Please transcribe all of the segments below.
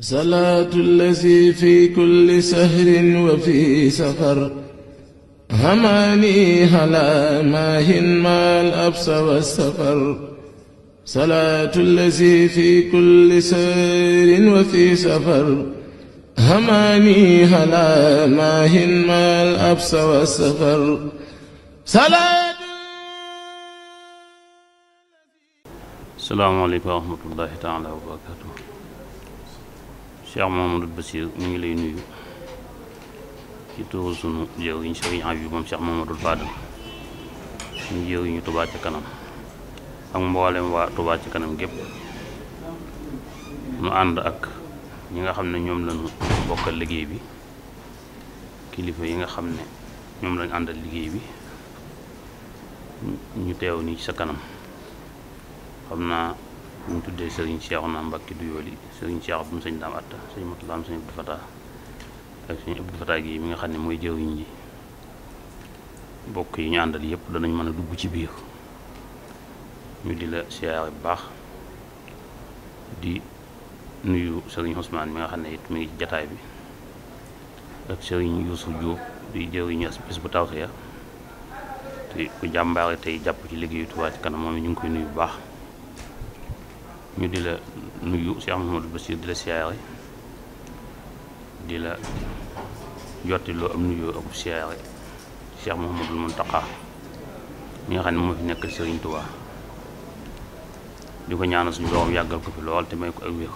صلاة الذي في كل سهر وفي سفر هماني هلا ماهن ما الأبس والسفر صلاة الذي في كل سهر وفي سفر هماني هلا ماهن ما الأبس والسفر صلاة السلام عليكم ورحمة الله تعالى وبركاته Cheikh Mamadou Bassir ñu ngi lay nuyu ci tuuru sunu jëwriñ Sëriñ Abibu moom Cheikh Mamadou Fadal ñu jëwriñu Touba kanam ak mboolem waa Touba ca kanam gépp nu ànd ak ñi nga xam ne ñoom lañu bokkal liggéey bi kilifa yi nga xam ne ñoom lañu àndal liggéey bi ñu teew nii ci sa kanam xam naa mu tuddee sëriñ Cheikhouna Mbacke Douyoly sëriñ Cheikh bu mu sëñ Daam Atta sëñ Matulaam sëñ Abdou Fatah ak sëñ Abdou Fatah gi mi nga xam ne mooy jëwriñ ji bokk yi ñu yëpp danañ mën a dugg ci biir ñu di la bu baax di nuyu sëriñ mi nga xam ne it mi ngi ci jataay bi ak sëriñ Youssou Diop di jëwriñu bis bu tawte ya te ku jàmbaare tey jàpp ci liggéeyu Touba ci kanam moom ñu ngi koy nuyu bu baax ñu di la nuyu Cheikh Mouhamadou Bassir di la siyaare di la jottiloo am nuyoo ak siyaare nga xam ne moo fi nekk Serigne Touba di ko ñaanal suñu doom yàggal ko fi lool te may ko ak wér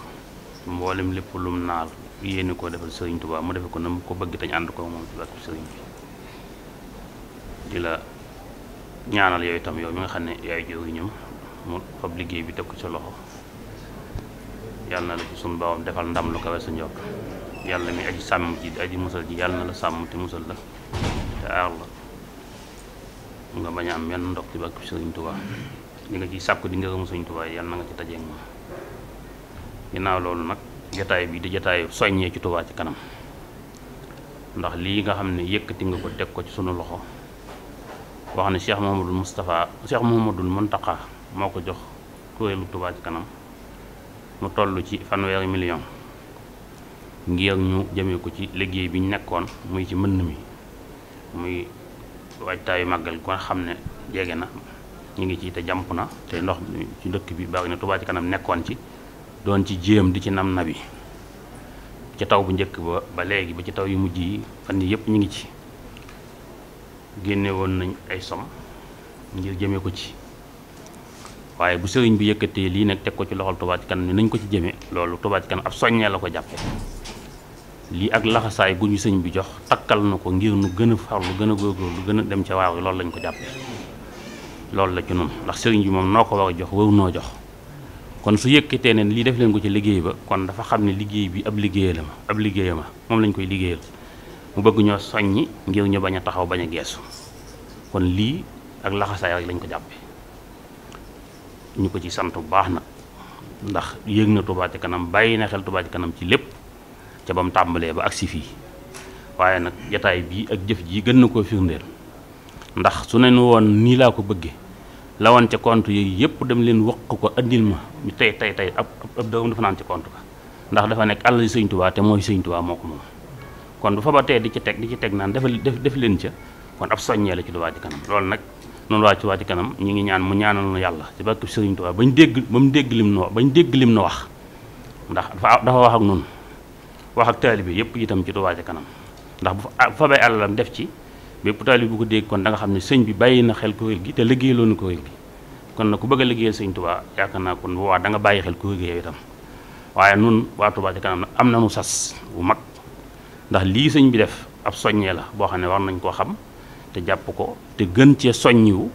mboolem lépp lu mu naal yéene koo defal Serigne Touba mu defe ko na mu ko bëgg te ñu ànd koo moom ci bi di la ñaanal yooyu tam yow mi nga xam ne yaay yu ñoom mu fab liggéey bi teg ko ca loxo yàlla na la defal ndam lu kawe sa yàlla mi aji sàmm ji aji musal ji yàlla na la sàmm te musal la te aar la nga bañ am menn ndox ci bàkk sëriñ Tuubaa nga ciy sàkku di na nga ci dajeeg moom loolu nag jataay bi di jataayu soññee ci ci kanam ndax lii nga xam ne yëkkati nga ko teg ko ci sunu loxo wax ne Cheikh Mouhamadul Moustapha Cheikh Mouhamadul Mountakha moo ko jox kuréelu Tuubaa ci kanam mu toll ci fanweeri million ngir ñu jëmee ko ci liggéey bi ñu nekkoon muy ci mbënn mi muy waajtaayu màggal ko xam ne jege na ñu ngi ci te jàmp na te ndox ci dëkk bi bari na Touba ci kanam nekkoon ci doon ci jéem di ci nam na bi ci taw bu njëkk ba ba léegi ba ci taw yi mujj yi fan yi yëpp ñu ngi ci génne woon nañ ay som ngir jëmee ko ci waaye bu sëriñ bi yëkkatee lii nag teg ko ci loxol Touba Ca Kanam ni nañ ko ci jëmee loolu Touba Ca Kanam ab soññee la ko jàppe lii ak laxasaay gu ñu sëñ bi jox takkal na ko ngir nu gën a farlu gën a góorgóorlu gën a dem ca waaw loolu lañ ko jàppe la ci ndax sëriñ bi moom noo ko jox waru noo jox kon su yëkkatee ne lii def leen ko ci liggéey ba kon dafa xam ne liggéey bi ab liggéey la ma ab liggéeya ma moom lañ koy liggéeyal mu bëgg ñoo soññi ngir ñu bañ a taxaw bañ a geesu kon lii ak laxasaay lañ ko jàppe ñu ko ci sant bu baax na ndax yëg na Touba Ca Kanam bàyyi na xel tubaa Ca Kanam ci lépp ca ba mu tàmbalee ba agsi fii waaye nag jataay bii ak jëf ji gën na koo firndeel ndax su ne nu woon nii laa ko bëggee la woon ca compte yooyu yëpp dem leen wax ko andil ma ñu tey tey tey ab ab dërëm dafa naan ca compte ka ndax dafa nekk àll sëñ Touba te mooy sëñ Touba moo ko moom kon du fa ba tey di ci teg di ci teg naan dafa def def leen ca kon ab soññee la ci Touba Ca loolu nag noonu waa ci waa ci kanam ñu ngi ñaan mu ñaanal nu yàlla ci barke Sëriñ Tuubaa bañ dégg ba mu dégg lim no bañ dégg lim na wax ndax dafa dafa wax ak noonu wax ak taali bi yëpp itam ci Tuubaa ci kanam ndax ah, bu fa bay alalam def ci bépp taali bi bu ko dégg kon da nga xam ne sëñ bi bàyyi na xel kuréel gi te liggéeyaloo na kuréel gi kon na ku bëgg a liggéeyal Sëriñ Tuubaa yaakaar naa kon bu waa da bàyyi xel kuréel gi yow itam waaye nun waa Tuubaa ci am na nu sas bu mag ndax lii sëñ bi def ab soññee la boo xam ne war nañ koo xam te jàpp ko te gën cee soññiwu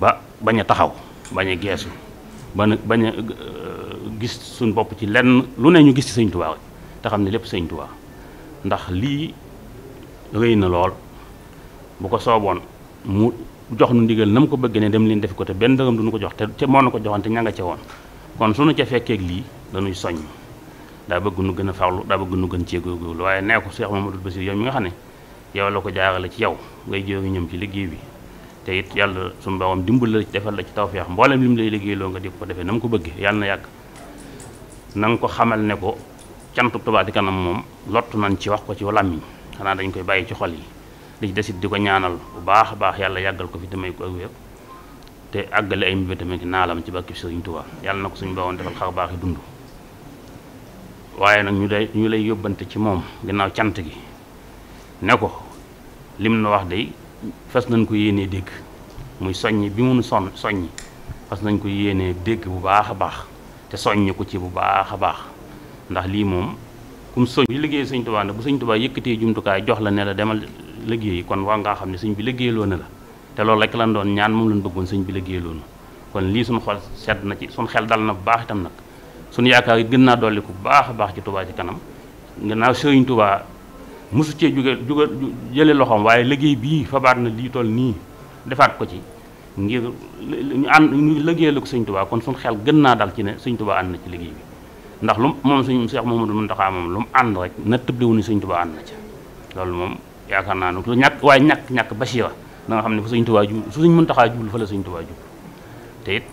ba bañ a taxaw bañ a geesu bañ a bañ a euh, gis suñ bopp ci lenn lu ne ñu gis ci sëñ Tuubaa te xam ne lépp sëñ Tuubaa ndax lii rëy na lool bu ko sooboon mu jox nu ndigal na mu ko bëgg ne dem leen def ko te benn dërëm du nu ko jox te te moo na ko joxoon te ña nga ca woon kon suñu ca fekkeek lii dañuy soññ daa bëgg nu gën a farlu daa bëgg nu gën cee góorgóorlu waaye nee ko Cheikh Mamadou Bassir yow mi nga xam ne yaw la ko la ci yow ngay jéego ñoom ci liggéey bi te it yàlla suñu borom dimbal la defal la ci tawfeex mboolem mu lay liggéeyloo nga di ko defee na mu ko bëggee yàlla na na nga ko xamal ne ko cantu Touba Ca Kanam moom lottu nañ ci wax ko ci làmmiñ xanaa dañ koy bàyyi ci xol yi li ci di ko ñaanal bu baax a baax yàlla yàggal ko fi damay ko ak wér te àggale ay mbébétam ak naalam ci bàkki Sëriñ Touba yàlla na ko suñu borom defal xar baax dund waaye nag ñu lay yóbbante ci moom ginnaaw cant gi ne ko li lim na wax day fas nañ ko yéenee dégg muy soññ bi mu sonn soññ fas nañ ko yéenee dégg bu baax a baax te soññ ko ci bu baax a baax ndax lii moom kum soñ bi liggéey sëñ tubaa nag bu sëñ tubaa yëkkatee jumtukaay jox la ne la demal liggéey kon war ngaa xam ne sëñ bi liggéeyloo na la te loolu rek lan doon ñaan moom lañ bëggoon sëñ bi liggéeyloo na kon lii suñu xol sedd na ci suñu xel dal na bu baax itam nag suñ yaakaar yi gën naa dolli bu baax a baax ci tubaa ci kanam gannaaw sëriñ tubaa mosu cee juge juge jële loxoom waaye liggéey bii fabaat na lii toll nii defaat ko ci ngir ñu ànd ñu liggéeyal ko sëñ Tuubaa kon suñ xel gën naa dal ci ne sëñ Tuubaa ànd na ci liggéey ndax lu moom sëñ Cheikh Mouhamadou moom lu mu ànd rek na tëbliwu ni sëñ Tuubaa ànd na loolu moom yaakaar naa ne ñàkk waaye ñàkk ñàkk basira xam ne fu sëñ Tuubaa jublu fu sëñ Mountakha jublu fa la sëñ Tuubaa jublu te it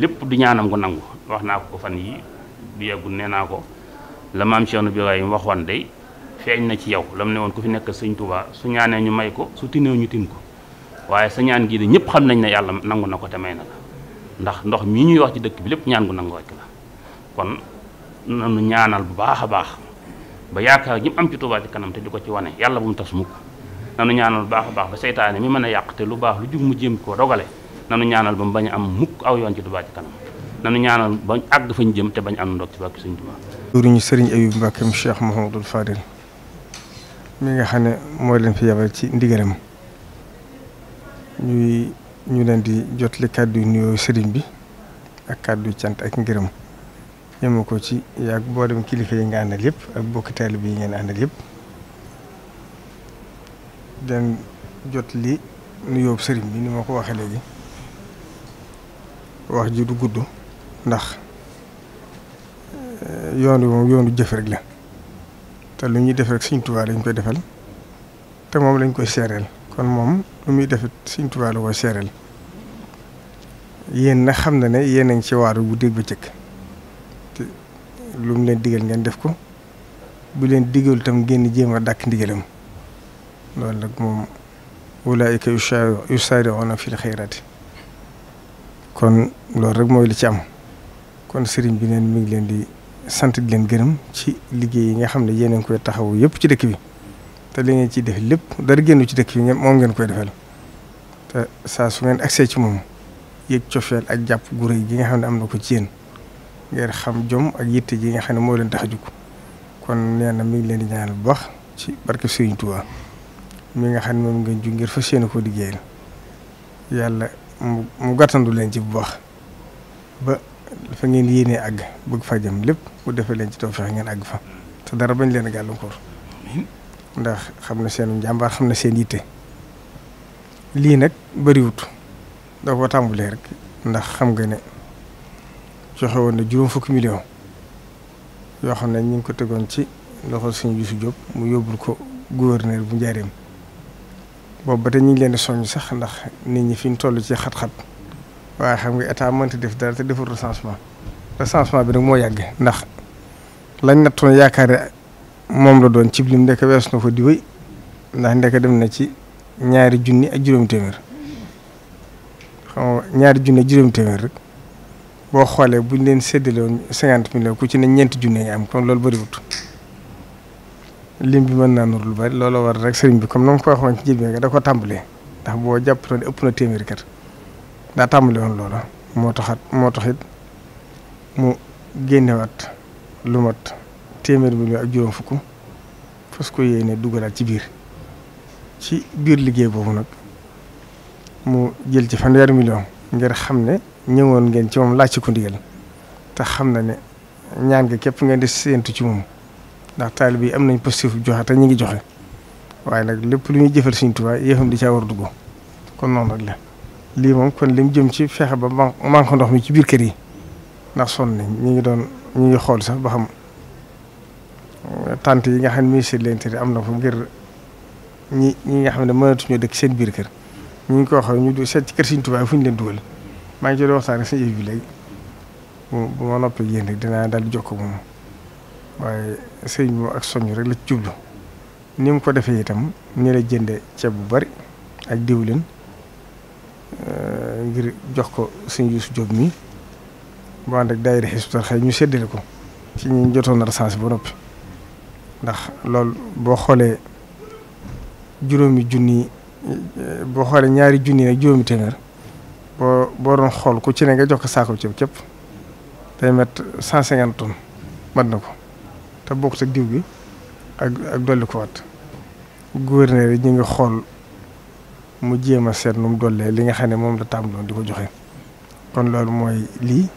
lépp du ñaanam ko nangu wax naa ko fan yi bu yàggul nee naa ko la maam Cheikh Ibrahima waxoon day feeñ na ci yow lam ne woon ku fi nekk sëñ Tuubaa su ñaanee ñu may ko su tineew ñu tin ko waaye sa ñaan gii de ñëpp xam nañ ne yàlla nangu na ko te may na ndax ndox mii ñuy wax ci dëkk bi lépp ñaan gu nangu rek la ñaanal bu baax a baax ba yaakaar ñi am ci Tuubaa ci di ko ci wane yàlla bu mu mukk nanu ñaanal bu baax a baax ba seytaane mi mën a yàq te lu baax lu jug mu jéem koo dogale nanu ñaanal ba mu bañ am mukk aw yoon ci Tuubaa ci kanam nanu ñaanal ba àgg fañ jëm te bañ am ndox ci bàkki sëñ Tuubaa. jëwriñu sëriñ Ayib Mbàkke Cheikh Mouhamadoul Fadil mi nga xam ne moo leen fi yabal ci ndigalam ñuy ñu leen di jotli kàddu yu nuyoo sëriñ bi ak kàddu yu cant ak ngërëm yema ko ci yàgg boo dem kilifa yi nga àndal yëpp ak bokki taalibe yi ngeen yëpp den jot li nuyoo sëriñ bi ni ma ko waxee léegi wax ji du gudd ndax eh, yoon yoonu jëf rek la lu ñuy def rek Sëriñ Tuubaa lañ koy defal te moom lañ koy seereel kon moom lu muy def Sëriñ Tuubaa la koy seereel yéen na xam na ne yéen a ngi ci waaru bu dégg ba cëkk te lu mu leen digal ngeen def ko bu leen digal tam génn jéem a dàkk ndigalam loolu nag moom wulaayika yusaari'uuna fil xayraati kon loolu rek mooy li ci am kon sëriñ bi neen mu ngi leen di sant di leen gërëm ci liggéey yi nga xam ne yéen a ngi koy taxawu yëpp ci dëkk bi te li ngeen ciy def lépp dara génnu ci dëkk bi moom ngeen koy defal te saa su ngeen agsee ci moom yëg cofeel ak jàpp gu rëy gi nga xam ne am na ko ci yéen ngeen xam jom ak yitte ji nga xam ne moo leen tax a kon nee na mi ngi leen di ñaanal bu baax ci barke Serigne Touba mi nga xam ne moom ngeen jug ngir fas yéene koo liggéeyal yàlla mu mu gàttandu leen ci bu baax fa ngeen yéenee àgg bëgg fa jëm lépp mu defee leen ci tawfeex ngeen àgg fa te dara bañ leen a ndax xam na seen njàmbaar xam na seen yitte lii nag bëriwut doo ko tàmbalee rek ndax xam nga ne joxe woon na juróom fukki million yoo xam ne ñu ngi ko tegoon ci loxo suñu Youssou Diop mu yóbbul ko gouverneur bu njaareem boobu ba tey ñu ngi leen soññ sax ndax nit ñi fi ñu toll ci xat-xat. waa xam nga état mënta def dara te deful recensement recensement bi nag moo yàgg ndax lañ nattoon yaakaar moom la doon cib lim ndeke weesu na ko di wéy ndax ndeke dem na ci ñaari junni ak juróomi téeméer xam nga ñaari junni ak juróomi rek boo xoolee buñ leen séddale woon cinquante millions ku ci ne ñeenti junni nga am kon loolu bëriwut lim bi mën naa nur lu bari looloo war rek sëriñ bi comme na ma ko waxoon ci njëlbeen nga da ko tàmbalee ndax boo jàpp ne ëpp na téeméeri kat. daa tàmbali woon loola moo taxat moo taxit mu génnewaat lu mat téeméer million ak juróom fukk fas ko yéene dugalaat ci biir ci biir liggéey boobu nag mu jël ci fanweeri million ngir xam ne ñëwoon ngeen ci moom laaj ci ko ndigal te xam na ne ñaan gi képp ngeen di séentu ci moom ndax taalibe yi am nañ positif joxe te ñu ngi joxe waaye nag lépp lu ñuy jëfal Sëriñ Tuubaa yëfam di caa war dugg kon noonu rek la lii moom kon lim jëm ci fexe ba manque ndox mi ci biir kër yi ndax son ni ñu ngi doon ñu ngi xool sax ba xam eh, tànt yi nga xam ne ministre de l'Intérieur am na fa ngir ñi ñi nga xam ne mënatuñoo dëkk seen biir kër ñu ngi ko waxee ñu du seet ci kër Sëriñ Tuubaa fu ñu leen dugal maa ngi ci doon waxtaan ak sa yëf bi léegi bu ma noppee yéen rek dinaa daal di jokkoo moom waaye sëñ moom ak soññ rek la ci jublu ni mu ko defee itam ni la jënde ceeb bu bari ak diwlin Euh, ngir jox ko sëñ Youssou jot mi bu ànd ak daayira Hizbut Tarqiyyah xëy ñu séddale ko ci ñi jotoon na recensé ba noppi ndax loolu boo xoolee juróomi junni boo xoolee ñaari junni nag juróomi téeméer boo boo doon xool ku ci ne nga jox ko saako ceeb képp day met cent cinquante tonnes mat na ko te bokkut ak diw gi ak dolli ko waat gouverneur yi ñu ngi xool mu jéem a seet nu mu dollee li nga xam ne moom la tàmbaloon di ko joxe kon loolu mooy lii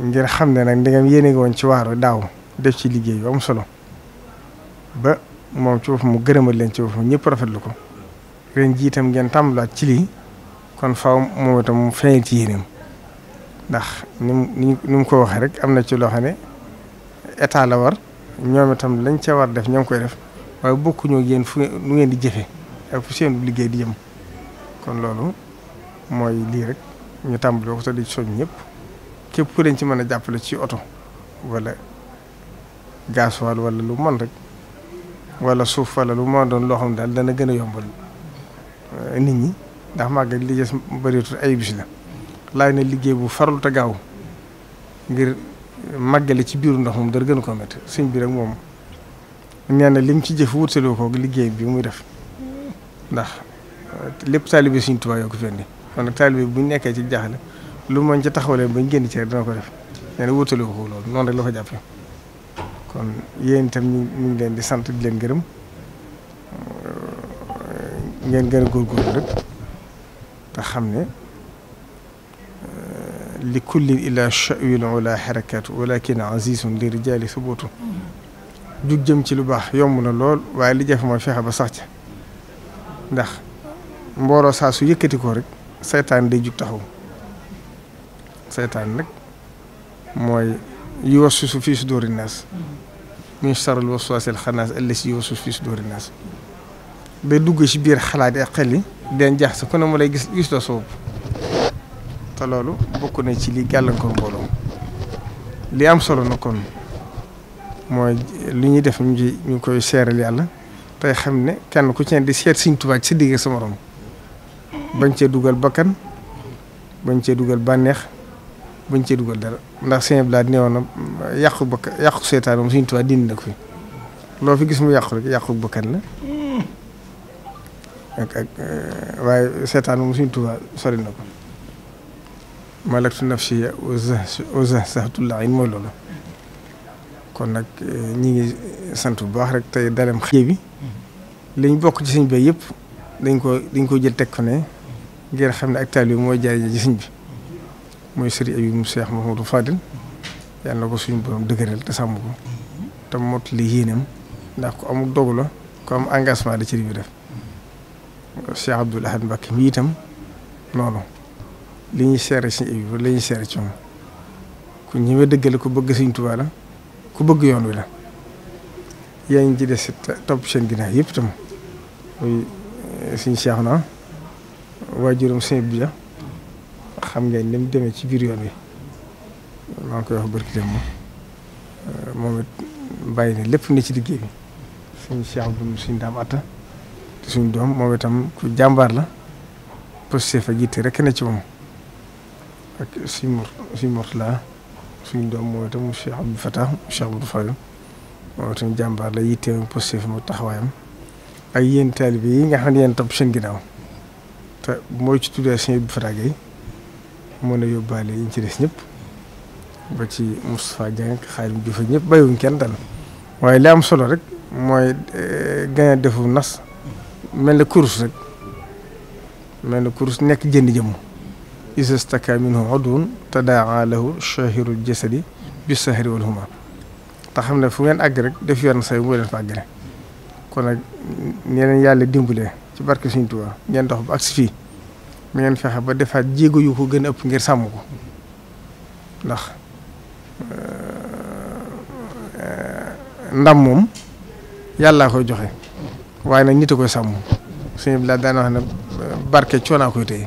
ngir xam ne nag ndegam yéene woon ci waaru daaw def ci liggéey yu solo ba moom ci boppam mu gërëmal leen ci boppam ñëpp rafetlu ko ren ngeen tàmbalaat ci lii kon faaw moom itam mu feeñal ci ndax ni mu mu ko waxee rek am na ci loo xam ne état la war ñoom itam lañ ca war def ñoo ngi koy def waaye bokkuñoo yéen fu nu ngeen di jëfe ak fu seen liggéey di jëm kon loolu mooy lii rek ñu tàmbali ko te di soñ képp ku leen ci mën a jàppale ci oto walla wala gasoil wala lu mën rek walla suuf wala lu mën doon loo xam ne daal dana gën a yombal eh, nit ñi ndax màggal li des bëreetul ay bis la laaj na liggéey bu farlu te gaaw ngir màggale ci biiru ndox moom dara gën a ko métti sëñ bi rek moom nee lim ci jëf wutaloo ko liggéey bi muy def. ndax euh, lépp taalibe Sëriñ Tuubaa yoo ko fi indi kon nag bu ñu nekkee ci jaaxle lu mu ca ci taxawalee ba ñu génn ci rek dana ko def nee na wutale ko loolu noonu rek la ko jàppee kon yéen itam ñu ñu ngi leen di sant di leen gërëm euh, ngeen gën a góorgóorlu rek te xam ne euh, li kullin illa sha'wil wala xarakaatu walakin azizun li rijaali subuutu mm-hmm. jug jëm ci lu baax yomb na lool waaye li jafe mooy fexe ba sax ca ndax mbooloo saa su yëkkati ko rek seetaan de jug taxaw seetaan nag mooy yuwaswisu fii suduuri naas min sharril waswaasil xannaas allazii yuwaswisu fii suduuri naas day dugg ci biir xalaat ak xel yi den jaax sa ku ne mu lay gis gis la sa te loolu bokk na ci li gàllankoor mbooloo li am solo na kon mooy li ñuy def ñu koy seeral yàlla tey xam ne kenn ku ci ne di seet siñ Tuubaa ci sa digg sa morom bañ cee dugal bakkan bañ cee dugal bànneex bañ cee dugal dara ndax Sëriñ Abdou Lahad neewoon na yàqu bakkan yàqu seetaan moom Sëriñ Tuubaa dindi na fi loo fi gis mu yàqu rek yàqu bakkan la ak ak euh, waaye seetaan moom Sëriñ Tuubaa sori na ko malaktu nafsiya wa zahzahatu laayin mooy loolu kon nag eh, ñi ngi sant bu baax rek tey dalem xëy bi liñ bokk ci sëñ bi yëpp dañ ko liñ ko jël teg ko ne ngir xam ne ak taal bi mooy jaay ci sëñ bi mooy sëriñ Abibu Cheikh Mouhamadou Fadil yàlla na ko suñu borom dëgëral te sàmm ko te mot li yéenam ndax ku amul dogu la ku engagement da ci bi def Cheikh Abdoul Ahad Mbacké mi itam noonu li ñuy seere si Abibu la ñuy seere ci moom ku ñëwee dëggale ko bëgg Sëñ Tuubaa ku bëgg yoon wi la yaa ngi ci des topp seen ginnaaw yëpp itam muy eh, suñu seex na waajuram sëñ bi la xam nga ni mu ci biir yoon wi maa ngi koy wax barki dem eh, moom it bàyyi na lépp ne ci liggéey bi suñu seex bu suñu daam atta te suñu doom moom itam ku jàmbaar la posté fa jiite rek ne ci moom ak suñu mor suñ doom mooy itam Cheikh Abdou Fatah Cheikh Abdou Fadil mooy itam jàmbaar la yitteem positif mu taxawaayam ak yéen taalibe yi nga xam topp seen ginnaaw te mooy ci tuddee sëñ Abdou Fatah Gueye mën a yóbbaale yi ñu ci des ñëpp ba ci Moustapha Dieng Xaalim ñëpp bàyyiwuñ kenn dal waaye li am solo rek mooy eh, gën defu nas mel na kurus rek mel na kurus nekk jënd jëmm isa staka minhu udwun tadaa lahu shahirul jasadi bi sa wal huma te xam ne fu ngeen àgg rek def yoon say moo leen fa àggale kon nag ñeneen yàlla dimbalee ci barke Sëriñ Tuubaa ngeen dox ba agsi fii mu ngeen fexe ba defaat jéego yu ko gën a ëpp ngir sàmm ko ndax ndam moom yàllaa koy joxe waaye nag nit koy sàmm suñu bi laa wax ne barke coonaa koy téye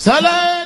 salaam